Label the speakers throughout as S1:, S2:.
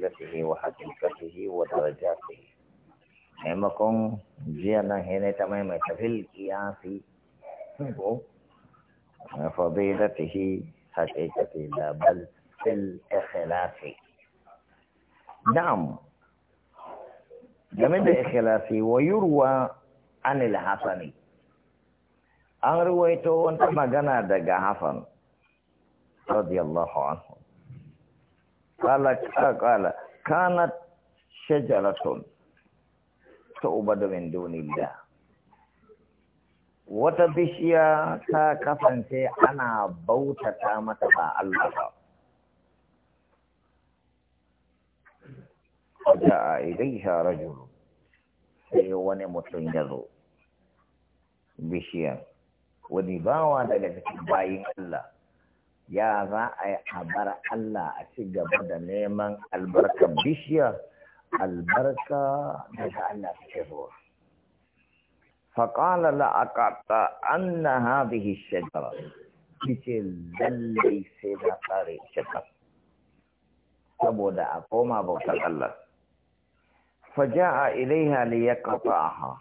S1: جلته وحقيقته ودرجاته نعمكم جيانا هنا تماما تفل كياسي فضيلته حقيقته لا بل في الإخلاص نعم جمد الإخلاص ويروى عن الحسن أن روايته أنت ما جنى دقا حسن رضي الله عنه kala kala kanat shajaratun da min dunillah wata bishiya ta kasance ana bautata mata ba Allah ba ja'a ilaiha rajul sai wani mutum ya zo bishiyar wani bawa daga cikin bayin Allah يا za a yi habar Allah a ci gaba da neman albarka bishiya albarka daga فقال لا أقطع أن هذه الشجرة تجي للي سيدا قاري شجرة تبود أقوم أبو الله فجاء إليها ليقطعها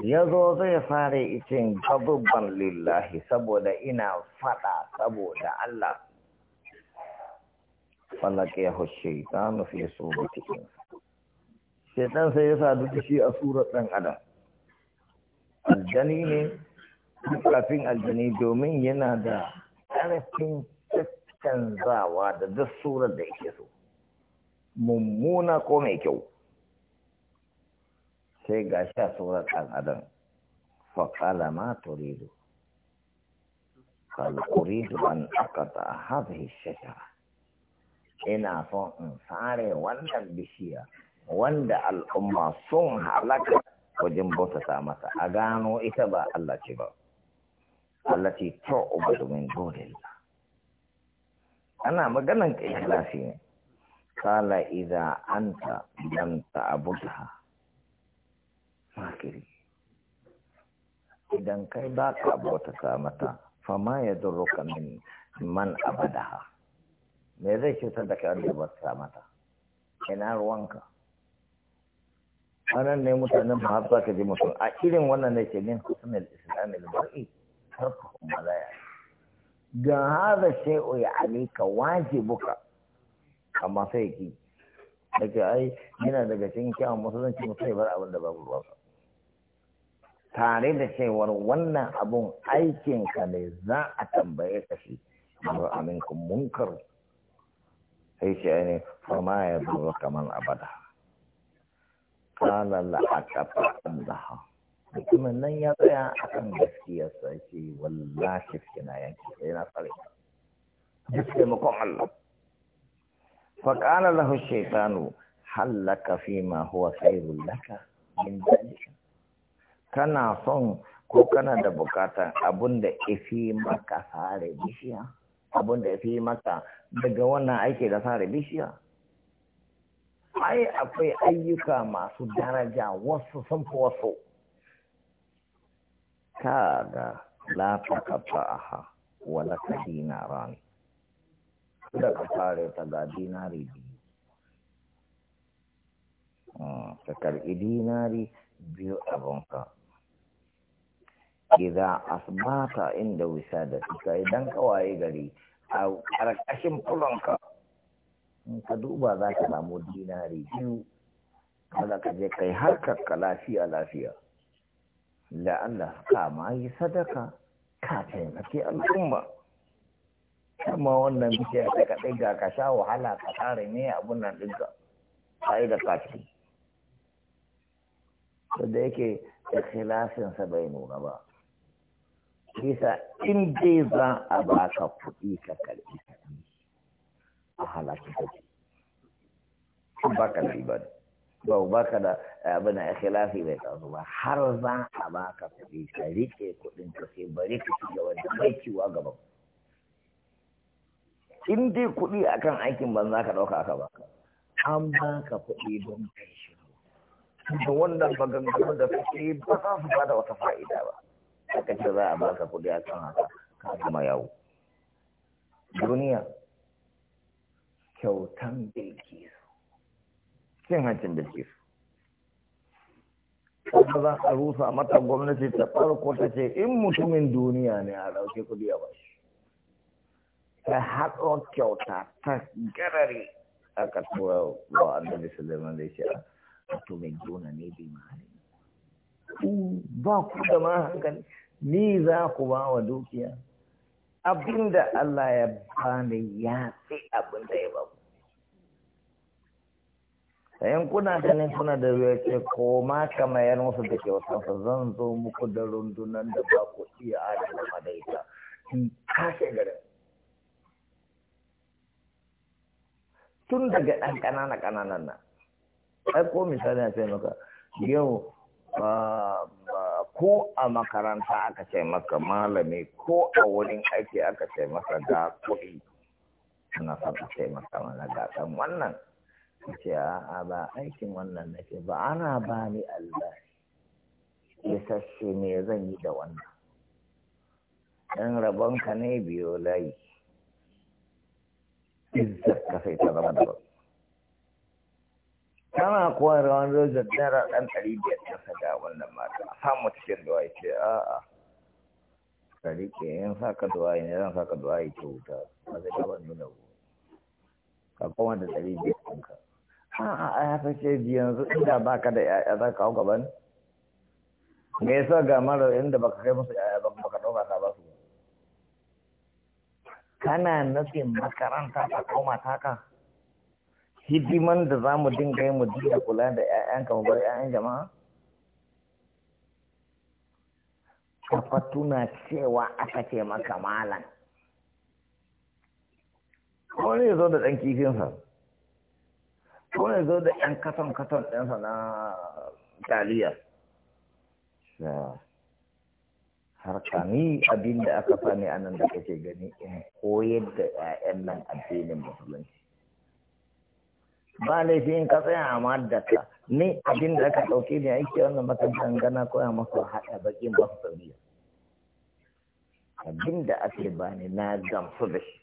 S1: ya zo zai fara itin gabubban lillahi saboda ina fada saboda Allah fallake ya hushe ta nufi sura shaitan sai ya sadu da shi a surar ɗan adam aljani ne kafin aljani domin yana da ƙarfin canzawa da duk surar da yake so mummuna ko mai kyau sai ga shi a tsoron ɗan adam faƙala ma turidu kalkuridu an akata hadhihi shata. ina son in sare wannan bishiya wanda al'umma sun halaka wajen bautata masa a gano ita ba Allah ce ba Allah ce to ubadu min dunillah ana maganan ikhlasi ne kala idza anta lam ha. fakiri idan kai ba ka bauta ka mata fama ya durruka min man abadaha me zai cutar da kai wanda ba mata ina ruwanka wannan ne mutanen ba har ka ji mutum a irin wannan ne ke min husnul islamil bar'i kuma zaya ga hada shay'u ya alika wajibuka amma sai ki ke ai yana daga cikin kyawun musulunci mutum bar abin da babu ruwansa tare da cewar wannan abun aikinka ne za a tambaye ka shi mara aminkun munkar sai shi ne fama ya zuwa kamar abada kanan kala la'akafa allaha mutumin nan ya tsaya a kan gaskiyarsa ce wallahi na yanki sai na tsare duk taimakon allah faƙala lahu shaitanu hallaka fi ma huwa khairul laka min dalika kana son ko kana da bukatan abun da ifi maka sare bishiya abun da ifi maka daga wannan aiki da sare bishiya ai akwai ayyuka masu daraja wasu sun fi wasu kaga wala ka wa la Su da ka fare ta ga dinari biyu hmm, ka karɓi dinari biyu ka. idza asbata inda da suka idan ka waye gari a ƙarƙashin fulonka in ka duba za ka samu dinari biyu kada ka je kai harkar ka lafiya lafiya la Allah ka ma yi sadaka ka taimaki al'umma amma wannan ya ta kaɗai ga ka sha wahala ka tare ne abun nan ɗinka sai da kaci da yake ikhlasin sa bai nuna ba bisa in dai za a ba ka kuɗi ka karɓi a halaki kake ba ka riba ba ba ka da abin da khilafi bai taso ba har za a ba ka kuɗi ka riƙe kuɗin ka sai bari ka ci gaba da mai ciwa gaba in dai kuɗi akan aikin ban za ka ɗauka aka ba ka, an ba ka kuɗi don kai shi da wannan maganganun da suke ba za su ba da wata fa'ida ba aka ce za a baka kuɗi a kan haka ka kuma yawo duniya kyautan bilkis, cin hancin bilkis. kuma za a rusa mata gwamnati ta farko ta ce in mutumin duniya ne a ɗauki kuɗi a bashi ta haɗo kyauta ta garare a kasuwa wa annabi suleiman zai ce a ah, mutumin duniya ne bi mahali ba ku da ma hankali ni za ku ba wa dukiya abinda Allah ya bani ya fi abinda ya baku sayan kuna ganin kuna da ruwa ce ko ma ka mayar wasu da ke kyautansa zan zo muku da rundunan da ba ku iya adana madaita in kashe garin tun daga ɗan ƙanana ƙananan nan ai ko misali a ce maka yau ba ba ko a makaranta aka ce maka malami ko a wurin aiki aka ce maka ga kuɗi ana son a ce maka mana ga ɗan wannan ce a ba aikin wannan nake ba ana ba ni albashi isasshe ne zan yi da wannan ɗan rabonka ne biyo layi izzar ka ta zama da daban kana koyar wani rojar naira ɗan ɗari biyar ta saka wannan mata a samu cikin da wai ce a'a ɗari ke yin saka wai ne zan saka da wai ce wuta a zai ka ban nuna gobe ka koma da ɗari biyar ɗinka a'a a ya sace yanzu inda ba ka da ya'ya za ka hau gaban me yasa ga mara inda baka kai musu ya'ya ba baka ɗauka ka ba su kana nufin makaranta ta koma taka hidiman da za mu dinga yi mu dinga kula da 'ya'yan mu bar 'ya'yan jama'a Kafa tuna cewa aka ce maka malan. wani ya zo da ɗan kifinsa wani ya zo da ɗan katon-katon ɗinsa na taliya har ni abin da aka sani anan nan da kake gani in koyar da 'ya'yan nan addinin musulunci ba laifi in ka tsaya a madarka ni abin da aka ɗauke ne aiki wannan makarantar gana koya masu haɗa baƙin ba su abin da ake bani na gamsu da shi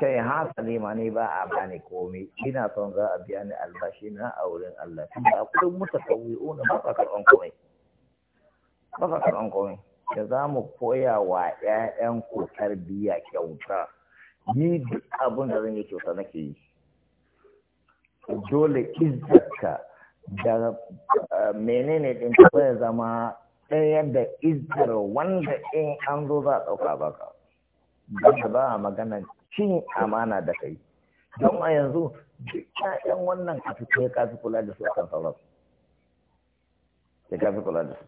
S1: kai hasali ma ne ba a bani komai ina son za a biya ni albashi na a wurin Allah tun da akwai mutakawwi'una ba sa karɓan komai ba ka karɓan komai da za mu koya wa ƴaƴanku tarbiyya kyauta ni duk abin da zan yi kyauta nake yi dole izzarka da menene din ya zama ɗaya da izzar wanda in an zo za a ɗauka ba ka ba ba a magana cin amana da kai don a yanzu duk ƴaƴan wannan a fi kai kafi kula da su a kan sauran ya kafi kula da su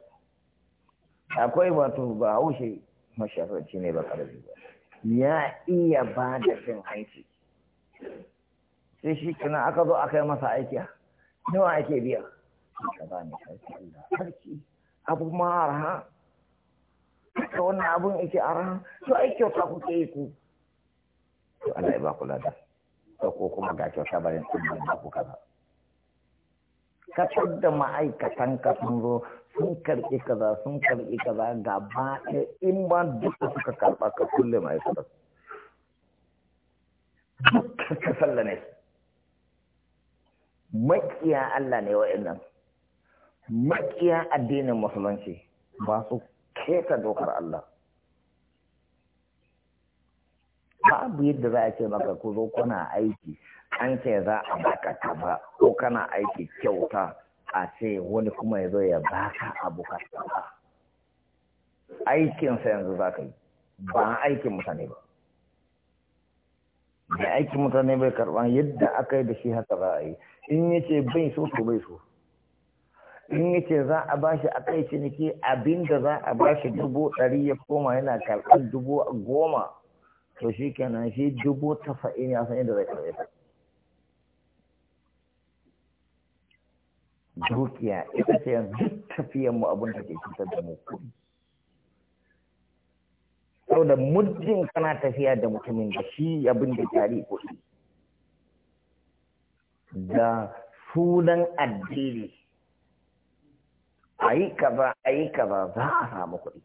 S1: akwai wato ba haushe mashafarci ne ba ƙarfi ba ya iya ba da cin hanci sai shi kana aka zo aka yi masa aiki nawa ake biya ka ba ni sarki Allah sarki abu ma arha ka wannan abun yake arha to ai kyauta kuke yi ku to Allah ya ba ku lada to ko kuma ga kyauta bayan kun ba ku kaza ka da ma'aikatan ka sun zo sun karɓi kaza sun karɓi kaza gaba ɗaya in ba duka suka karɓa ka kulle ma'aikatan duk ka sallame makiya Allah ne wa'annan makiya addinin musulunci ba su keta dokar Allah babu yadda za a ce maka ku zo kuna aiki an ce za a baka ta ba ko kana aiki kyauta a ce wani kuma ya zo ya baka abu ka yanzu za ka yi ba aikin mutane ba da aikin mutane bai karɓa yadda aka yi da shi haka za a yi in ya ce bai so to bai so in ya ce za a ba shi a kai ciniki abinda za a ba dubu ɗari ya koma yana karɓar dubu goma to shi kenan shi dubu tafa'in ya san yadda zai karɓe ta dukiya ita ce yanzu tafiyanmu abin da ke cutar da mu da muddin kana tafiya da mutumin da shi abin da jari kuɗi da sunan addini a yi kaza a yi ba za a samu kuɗi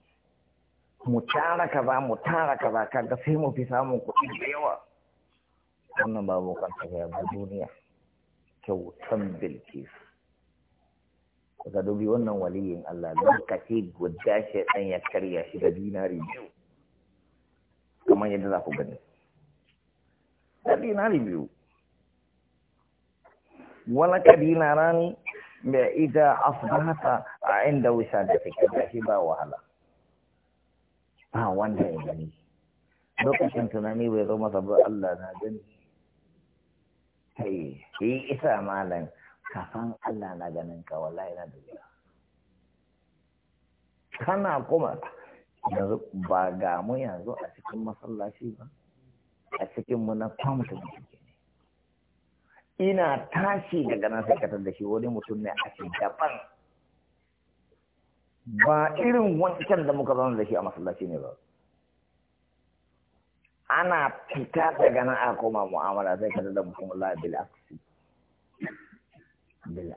S1: mu tara kaza mu tara kaza kaga sai mu fi samun kuɗi da yawa wannan babu kan tafiya ba duniya kyautan bilkis ka dubi wannan waliyin Allah lokaci guda shi ya karya shi da dinari biyu kamar yadda za ku gani da dinari biyu wala ka na rani mai ita asbahata a inda wusa da take da shi ba wahala ba wanda ya gani lokacin tunani bai zama masa ba Allah na gani kai yi isa malam kafan Allah na ganin ka wallahi na da kana kuma yanzu ba ga mu yanzu a cikin masallaci ba a cikin mu na kwamta ina tashi daga nan sai katar da shi wani mutum ne a daban ba irin wancan da muka zama da shi a masallaci ne ba ana fita daga nan a koma mu'amala sai katar da mutum Allah bil aksi bil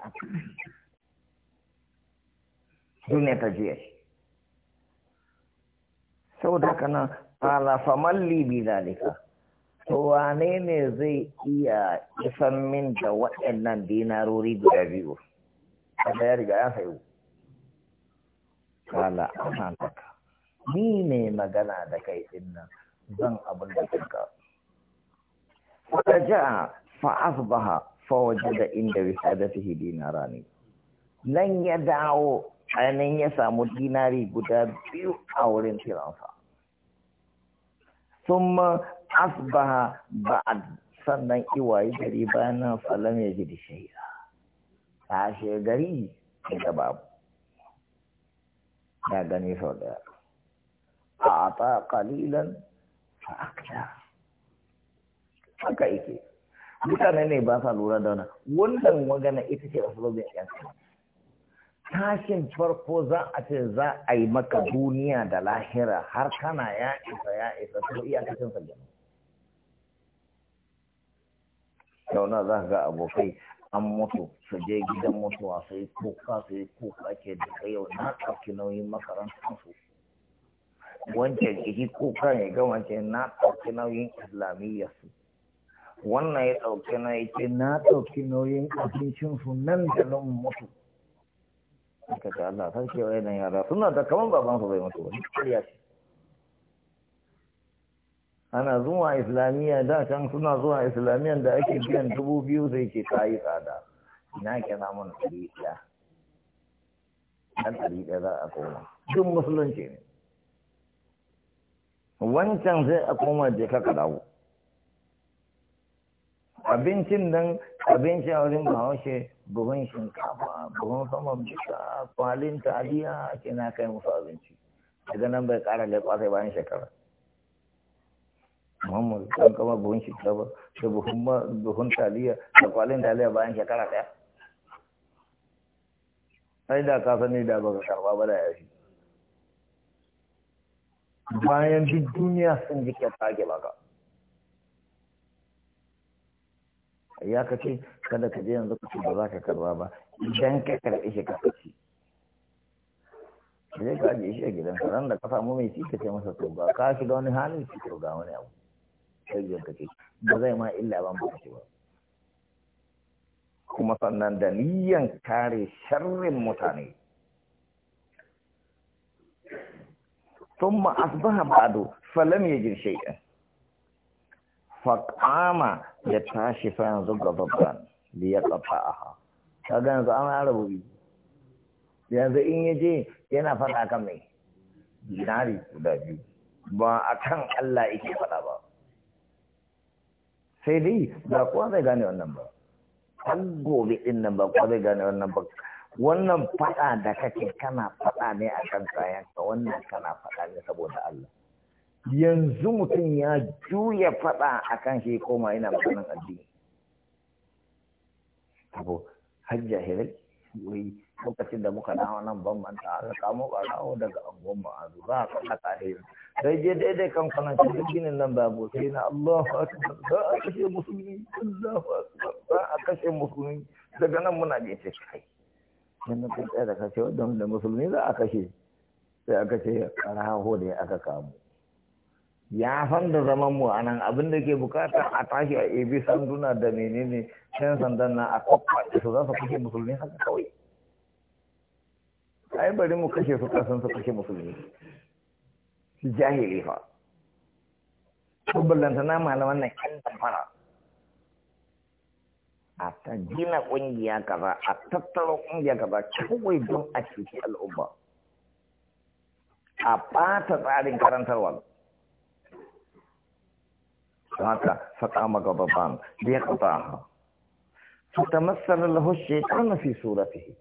S1: ta juya saboda haka nan ala faman libi zalika to wane ne zai iya isan min da waɗannan dinarori guda biyu kada ya riga ya sayu kala ana ni ne magana da kai din nan zan abin da kanka faja'a fa asbaha fa wajada inda wisadatihi dinarani nan ya dawo ainihin ya samu dinari guda biyu a wurin firansa sun ma asbaha ba'ad sannan iwaye gari bayan nan salam ya ji da Ya ta gari da babu ya gani sau daya a ta kalilan fa'akta haka yake mutane ne ba sa lura da wannan wannan magana ita ce wasu lobin yan kama tashin farko za a ce za a yi maka duniya da lahira har kana ya isa ya isa su iyakacin sallama yau za ga abokai an mutu su je gidan mutuwa su yi kuka su yi kuka ke ka yau na ɗauki nauyin su. wancan jiki kuka ne ga wancan na ɗauki nauyin islamiyya su, wannan ya ɗauki na ya ce na ɗauki nauyin abincinsu nan da nan mutu aka ce Allah san ke wai yara suna da kaman baban su bai mutu wani kariya ce ana zuwa islamiyya da can suna zuwa islamiyya da ake biyan dubu biyu sai ce ta yi tsada ina kira mun ɗari ɗaya ɗan ɗari ɗaya za a koma duk musulunci ne wancan sai a koma je ka dawo abincin nan abinci a wurin bahaushe buhun shinkafa buhun saman bisa kwalin taliya ake na kai musu abinci daga nan bai kara leƙwa sai bayan shekara Muhammadu kan kama buhun shinkafa da buhun taliya da kwalin taliya bayan shekara daya ai da ka sani da ba ka karba ba da yashi bayan duk duniya sun ji kyauta ba baka ya ka ce kada ka je yanzu ka ce ba za ka karba ba idan ka karɓi shi ka zai ka ajiye shi a gidan ka ran da ka samu mai cika ce masa to ba ka shiga wani halin shi to ga wani abu sai ka ce ba zai ma illa ban ba ba kuma sannan da niyan kare sharrin mutane ثم أصبح بعده فلم يجد شيئا faƙama ya tashi fa yanzu ga babban da ya kafa Ka kaga yanzu an arabu biyu yanzu in ya je yana faɗa kan mai dinari guda biyu ba a kan Allah ike faɗa ba sai dai ba kuwa zai gane wannan ba har gobe ɗin nan ba kuwa zai gane wannan ba wannan faɗa da kake kana faɗa ne a kan kayan ka wannan kana faɗa ne saboda Allah yanzu mutum ya juya faɗa a kan shi koma yana maganin addini abu har jahilai wai lokacin da muka na nan ban manta a saka mu ɓarawo daga angon ba a kalla tare sai je daidai kan kwanan cikin ginin nan bu sai na Allah ba a kashe musulmi ba a kashe musulmi daga nan muna je ce kai yanzu kun tsaye da kashe wadda musulmi za a kashe sai aka ce ƙaraho da ya aka kamu ya san da zaman mu a nan abin da ke bukata a tashi a ebi sanduna da menene shan sandan na a kwakwa su za su kashe musulmi haka kawai ai bari mu kashe su kasan su kashe musulmi su jahili fa ballanta na malaman nan yan tafara. a ta gina kungiya kaza a tattara kungiya kaza kawai don a ceci al'umma a ɓata tsarin karantarwa Haka, fatama gababan, liyakataha. Tutamassalallahu shaitan fi suratihi.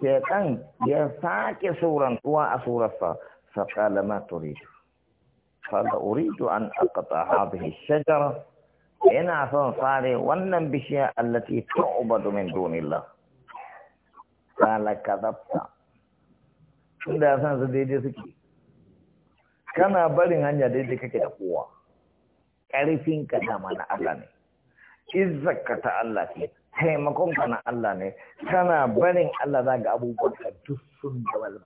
S1: Shaitan, ya sake suran, wa asurasa, faqala ma turidu. Fala uridu an akata hadhi shajara, ina son sare wannan bishiya allati ta'ubadu min dunillah. Fala kadabta. Tunda ya san su daidai suke. Kana barin hanya daidai kake da kowa. ƙarfin ka dama na Allah ne izzaka ta Allah ne, taimakon na Allah ne tana barin Allah za ga abubuwan ka duk sun da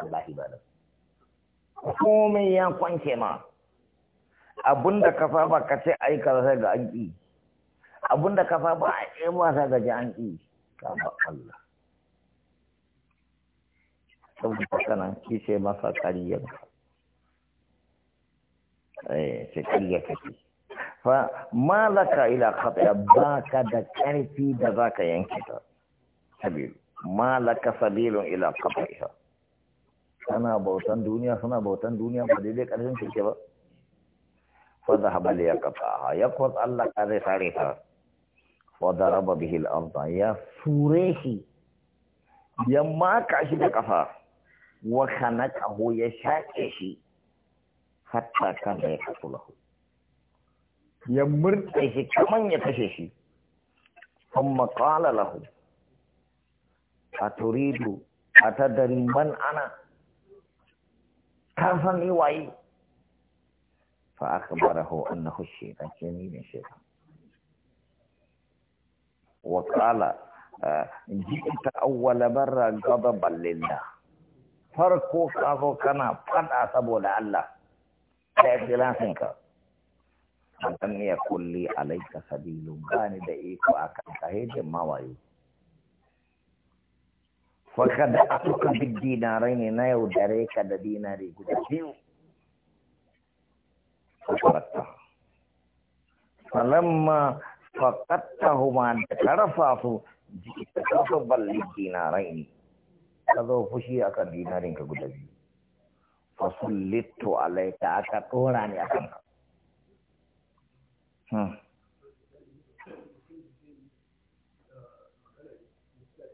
S1: Allah ibada komai ya kwance ma abunda ka ba ka ce ai ka sai ga an abunda ka saba a yi wasa ga ji ka ba Allah saboda kana kishe masa kariyar Eh, sai kake fa malaka ila khataya baka da ƙarfi da zaka yanke ta sabil malaka sabilun ila qabaiha kana bautan duniya suna bautan duniya ba daidai ƙarfin kake ba fa zahaba li ya yaqut Allah ka sare ta wa daraba bihi al-ardh ya surehi ya maka shi da kafa wa khanaqahu ya shaƙe shi hatta kan da ya kasu lahu ya murta shi kaman ya kashe shi kan makala lahu a turidu a tattalin man ana kan san iwaye fa aka bada hau an na hushe na kemi mai shekar wakala eh, jikinta awwala barra gaba ballin da farko kazo kana fada saboda Allah da excellencin ka an ya kulle alaika sabilu bani da iko a kan ka hejin mawaye faka da asuka duk dinarai ne na yau dare ka da dinari guda biyu fakarata falamma fakatta huma da karfa su jiki ta kafa balli dinarai ne ka zo fushi akan dinarin ka guda biyu fasullitu alaika aka ɗora ni akan hmm. ka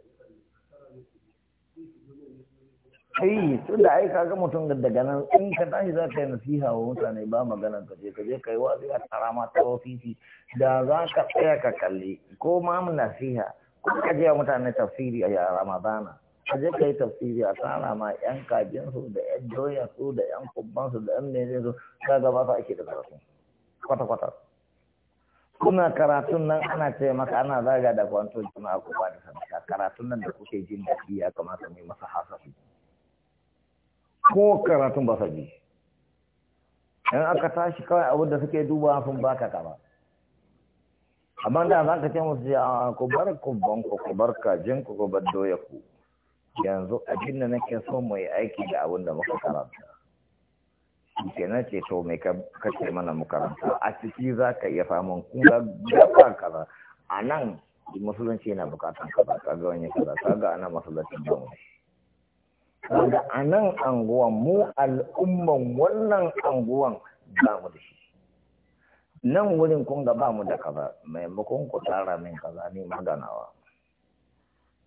S1: kai tun da ai kaga mutum daga nan in ka tashi za ka yi nasiha wa mutane ba magana ka je ka je ka yi wazi a tara ma ta ofisi da za ka tsaya ka kalli ko ma mu nasiha ko ka je wa mutane tafsiri a yara ramadana a je ka yi tafsiri a tsara ma yan kajinsu da yan su da yan kubbansu da yan mene su ka gaba su ake da karatu kwata-kwata kuna karatun nan ana ce maka ana zaga da kwanto jima'a ko ba da sanaka karatun nan da kuke jin daɗi ya kamata mai masa hasafi ko karatun ba sa ji in aka tashi kawai abin da suke duba sun baka kama amma da za ka ce musu a kubar kubban ku kubar kajin ku ku doya ku yanzu abin da nake so mu yi aiki da abin da muka karanta ke na ce to mai kace mana mu karanta a ciki za ka iya famun kuma gaba kaza a nan musulunci yana bukatan kaza ka ga wani kaza ka ga ana musulunci ba wani kaga a nan anguwan mu al'umman wannan anguwan ba mu da shi nan wurin kun ga ba mu da kaza maimakon ku tara min kaza ne maganawa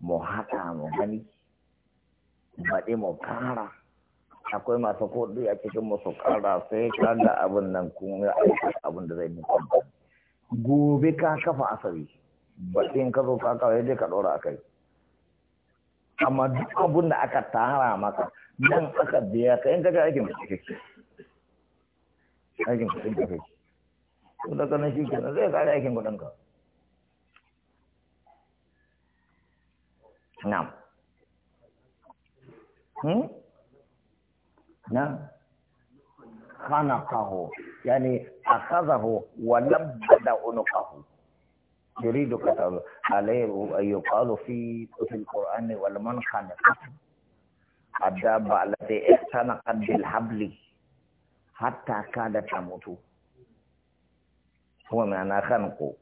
S1: mu haɗa mu gani baɗi mu kara akwai masu kuɗi a cikin musu kara sai ka da abin nan kuma aikata abin da zai muku gobe ka kafa asali baɗin ka zo ka kawai dai ka ɗora a kai amma duk abin da aka tara maka nan aka biya ka in ka aikin kuɗi aikin kuɗin ka kai ko daga nan shi kenan zai kare aikin kuɗin ka na'am نعم خنقه يعني أخذه ونبد عنقه يريد كتاب عليه يقال في في القرآن والمنخنق الدابة التي اختنقت بالحبل حتى كادت تموت هو معنى خنقه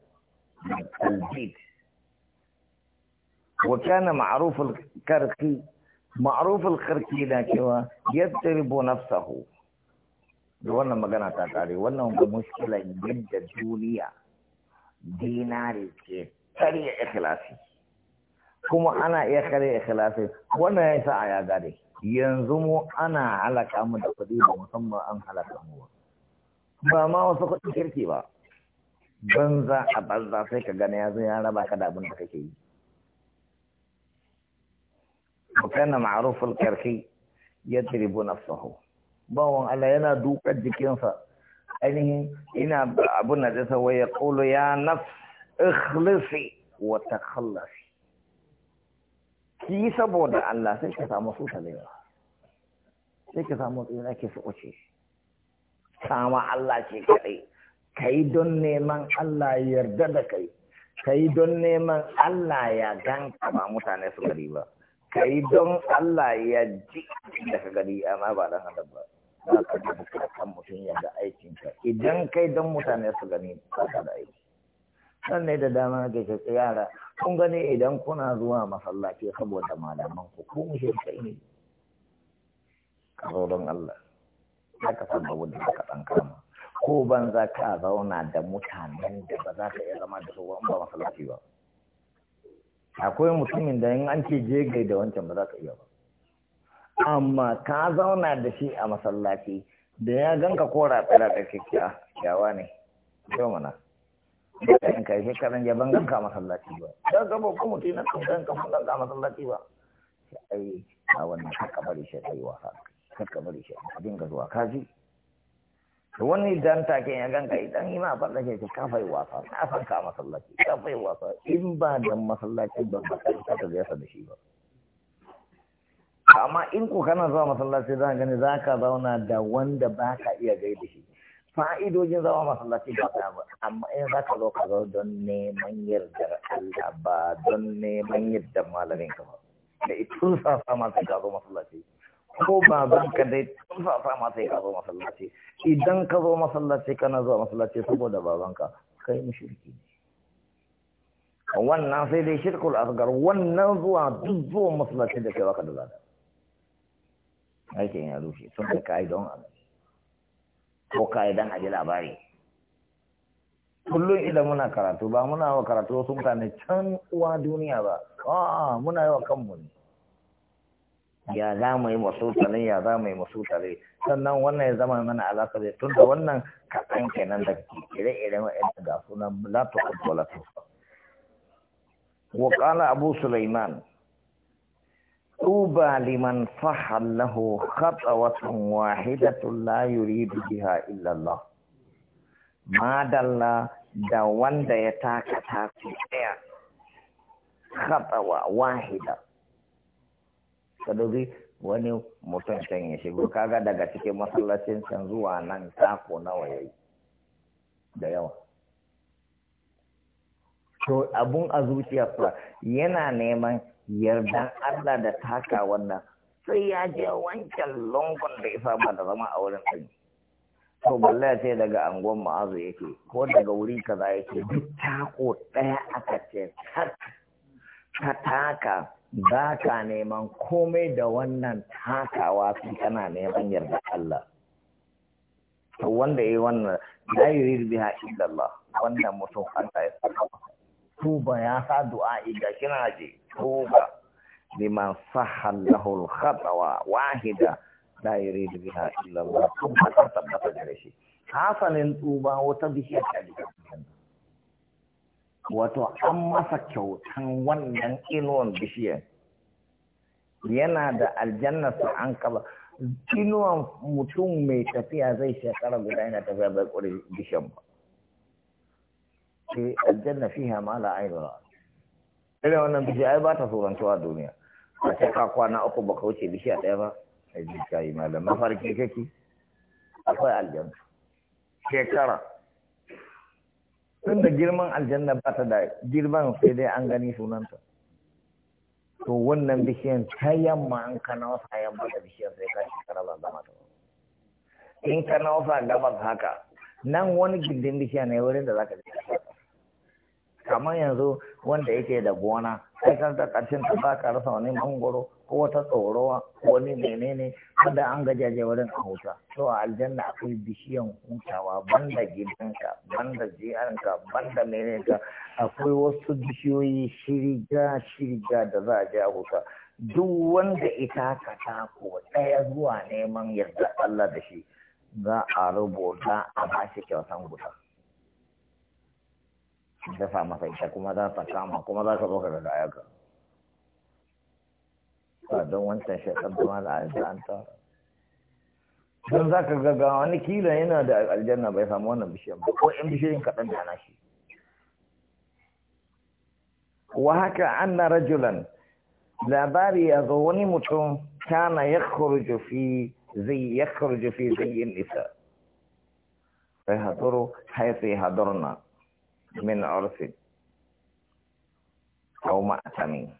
S1: الجيد وكان معروف الكرخي ma'arufin karki na cewa yadda ribo da wannan magana ta kare wannan ga muskilan yadda duniya dinari ke karya ikhlasi kuma ana iya karya ikhlasi wannan ya sa a ya gare yanzu mu ana halaka mu da kuɗi ba musamman an halaka mu ba ma wasu kuɗin kirki ba banza a banza sai ka gane ya zo ya raba ka da abin da kake yi وكان معروف الكرخي يضرب نفسه باوان على ينا دوكا جيكينسا انه ينا ابو هو يقول يا نفس اخلصي وتخلصي كي بودا الله سيكا سامو سوسا ليو سيكا سامو سوسا كيسا اوشي سامو الله شيكري kai don neman Allah yarda da kai kai don neman Allah ya ganka ba mutane su ka yi don Allah ya ji daga gari gani amma ba dan adam ba za ka ji bukatan mutum ya ga aikinka idan kai don mutane su gani ba ka da aiki nan ne da dama ke yara kun gani idan kuna zuwa masallaci saboda malaman ku ku kai ne ka don Allah ya ka san babu da ka dan kama ko ban za ka zauna da mutanen da ba za ka iya zama da su ba masallaci ba akwai mutumin da in an ce jegai da wancan ba za ka iya ba amma ka zauna da shi a masallaci da ya ganka kora tsira ah, da kyakkyawa kyawa ne yau mana in kai shekaran ya ban ganka masallaci ba Ya gaba ko mutum na kan ka mun ganka masallaci ba ai a wannan haka bari shi kai wasa haka bari shi a dinga zuwa kaji wani dan take ya ganka idan ina faɗa ke ka kafai wasa na san ka masallaci kafai wasa in ba dan masallaci ba ba ka ta da yasa da shi ba amma in ku kana zuwa masallaci za gani za ka zauna da wanda ba ka iya gaida shi fa'idojin zama masallaci ba ka ba amma in za ka zo ka zo don neman yarda Allah ba don neman yarda malamin ka ba da ita sun sa sa masu ka zo masallaci ko baban ka dai tufafa ma sai ka zo masallaci idan ka zo masallaci kana zuwa masallaci saboda baban ka kai mushriki ne wannan sai dai shirkul asgar wannan zuwa duk zo masallaci da kai baka da lada aikin ya rushe sun kai kai don a ko kai dan a ji labari kullum idan muna karatu ba muna wa karatu wasu mutane can uwa duniya ba a muna yawa kanmu ne ya za mu yi masu tale ya za mu yi masu tale sannan wannan ya zama mana alaƙa da tun da wannan kaɗan kenan da ke ire-ire wa'yan ga suna la tuqad wa wa qala abu sulaiman طوبى liman fahallahu له wahidatun la yuridu biha illa Allah da wanda ya taka tafi ɗaya khatawa wahida ka wani mutum can ya shigo kaga daga cikin masallacin can zuwa nan sako nawa yayi da yawa to abun a zuciya zuciyarsa yana neman yardan Allah da taka wannan sai ya je wancan longon da isa ba da zama a wurin ɗin to balla sai daga angon ma'azu yake ko daga wuri kaza yake duk tako ɗaya aka ce ta taka ba ka neman komai da wannan takawa fi kana neman yarda Allah wanda yi wannan ya yi biha biya illallah wanda mutum Allah ya tuba ya sa du'a iga kina je tuba liman sahal al-khatawa wahida la yurid biha illa Allah tuba ta tabbata da shi hasanin tuba wata bishiya ta wato an masa kyautan wannan inuwan bishiyar yana da su an kaba inuwan mutum mai tafiya zai shekara guda yana tafiya bai kuri bishiyar ba sai aljanna fi hama la ainihin irin wannan bishiyar ai ba ta tsorantuwa duniya a ce ka kwana uku ba ka wuce bishiya ɗaya ba a ji ka yi malam mafarki kake akwai aljanna shekara tun da girman aljanna ba ta da girman sai dai an gani sunanta to wannan bishiyan ta yamma an a nausa yamma da bishiyan sai ka shekara ba zama ta in ka a gabas haka nan wani gindin bishiya ne wurin da za ka kamar yanzu wanda yake da gona sai kan ta karshen ta ba ka rasa wani mangoro ko wata tsorowa ko wani menene wanda an gajaje wurin a huta to a aljanna akwai bishiyan hutawa banda gidanka banda jiyarinka banda menene akwai wasu bishiyoyi shirga shirga da za a je a huta duk wanda ita ka tako ɗaya zuwa neman yarda Allah da shi za a rubuta a bashi kyautan guda. dafa masa ita kuma za ta kama kuma za ka zo ka ayaka ba don wancan shekar da ma da ta don za ka gaga wani kila yana da aljanna bai samu wannan bishiyan ba ko yan bishiyan kaɗan da na shi wa haka anna rajulan labari ya zo wani mutum kana ya kurju fi zai ya kurju fi zai yin nisa sai haduru haifi hadurna min urfin aw ma'tamin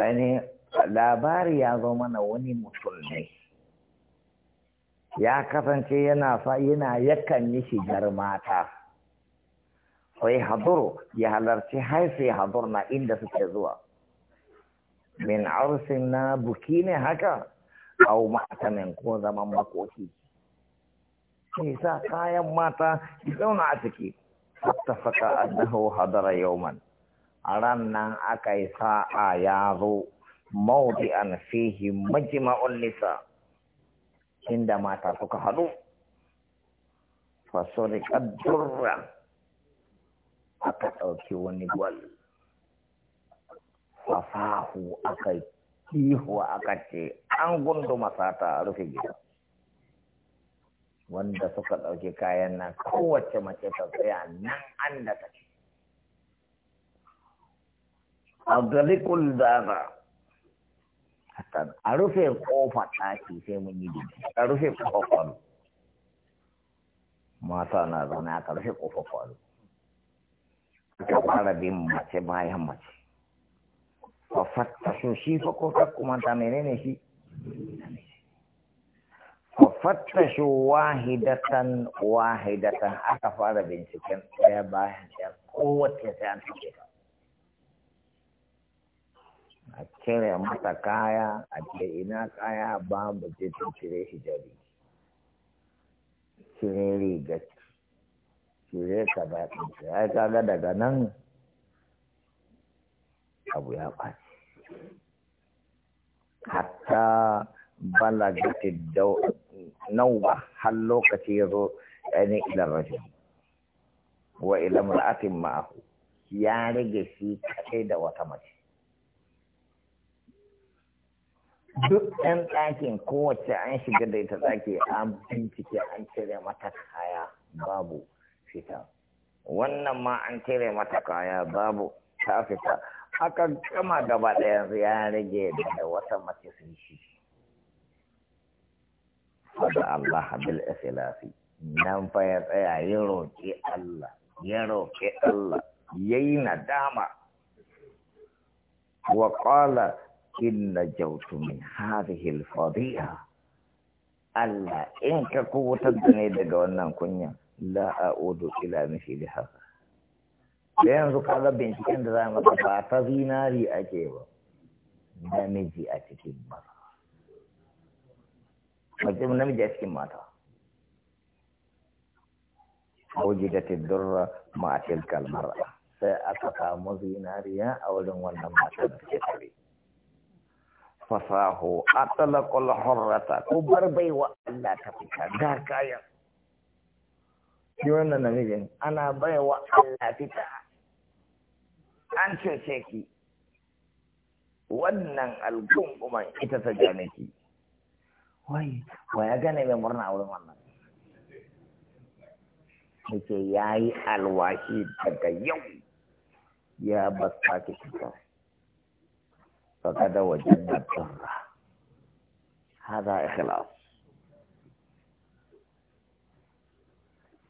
S1: yani labari ya zo mana wani mutum ne ya kasance yana fa yana yakan yi shigar mata sai haduru ya halarci haifi hadur na inda suke zuwa min arsin na buki ne haka aw ma'tamin ko zaman makoki sai kayan mata su zauna a ciki tafaka annahu hadara yawman a ran nan aka yi sa'a ya zo an fihi majma'un nisa inda mata suka haɗu ka durra aka ɗauki wani gwal fafahu aka yi kihu aka ce an gundu masata rufe gida wanda suka ɗauki kayan nan kowace mace ta tsaya nan an da ce. abdalikul dara a rufe kofa ɗaki sai mun yi dinki a rufe kofa kwalo mata na zaune aka rufe kofa kwalo aka fara bin mace bayan mace fafatta shi fa ko ta menene shi fattashu wahidatan wahidatan aka fara binciken ɗaya bayan ɗaya kowace sai an tafi ta a cire mata kaya a ce ina kaya babu je ta cire hijabi cire riga cire ka ba ɗinci ai kaga daga nan abu ya ɓaci hatta balagatin dau'a nauba har lokaci ya zo ainihin ilan rajin wa ilan ra'atin ma'ahu ya rage shi kaɗai da wata mace duk ɗan ɗakin kowace an shiga da ita tsaki an bincike an cire mata kaya babu fita wannan ma an cire mata kaya babu ta fita aka gama gaba ɗaya ya rage da wata mace sun shi fada Allah bil ikhlasi nan fa ya tsaya ya roƙi Allah ya roƙi Allah yayi nadama wa qala inna jawtu min hadhihi al Allah in ka kubuta dane daga wannan kunya la a'udu ila mithli da yanzu kaga binciken da za mu ba ta zinari ake ba namiji a cikin maza mace namiji a cikin mata aujidat durra ma tilkal mar'a sai aka samu zinariya a wurin wannan mata da tare fasaho atalaqal hurrata ko bar baiwa Allah ta fita ga kayan shi wannan namijin ana baiwa Allah fita an cece ki wannan algunguma ita ta jane wai wa murna a wurin wannan yake ya yi alwashi daga yau ya ba ke cuta Saka da wajen da haza hada ikhlas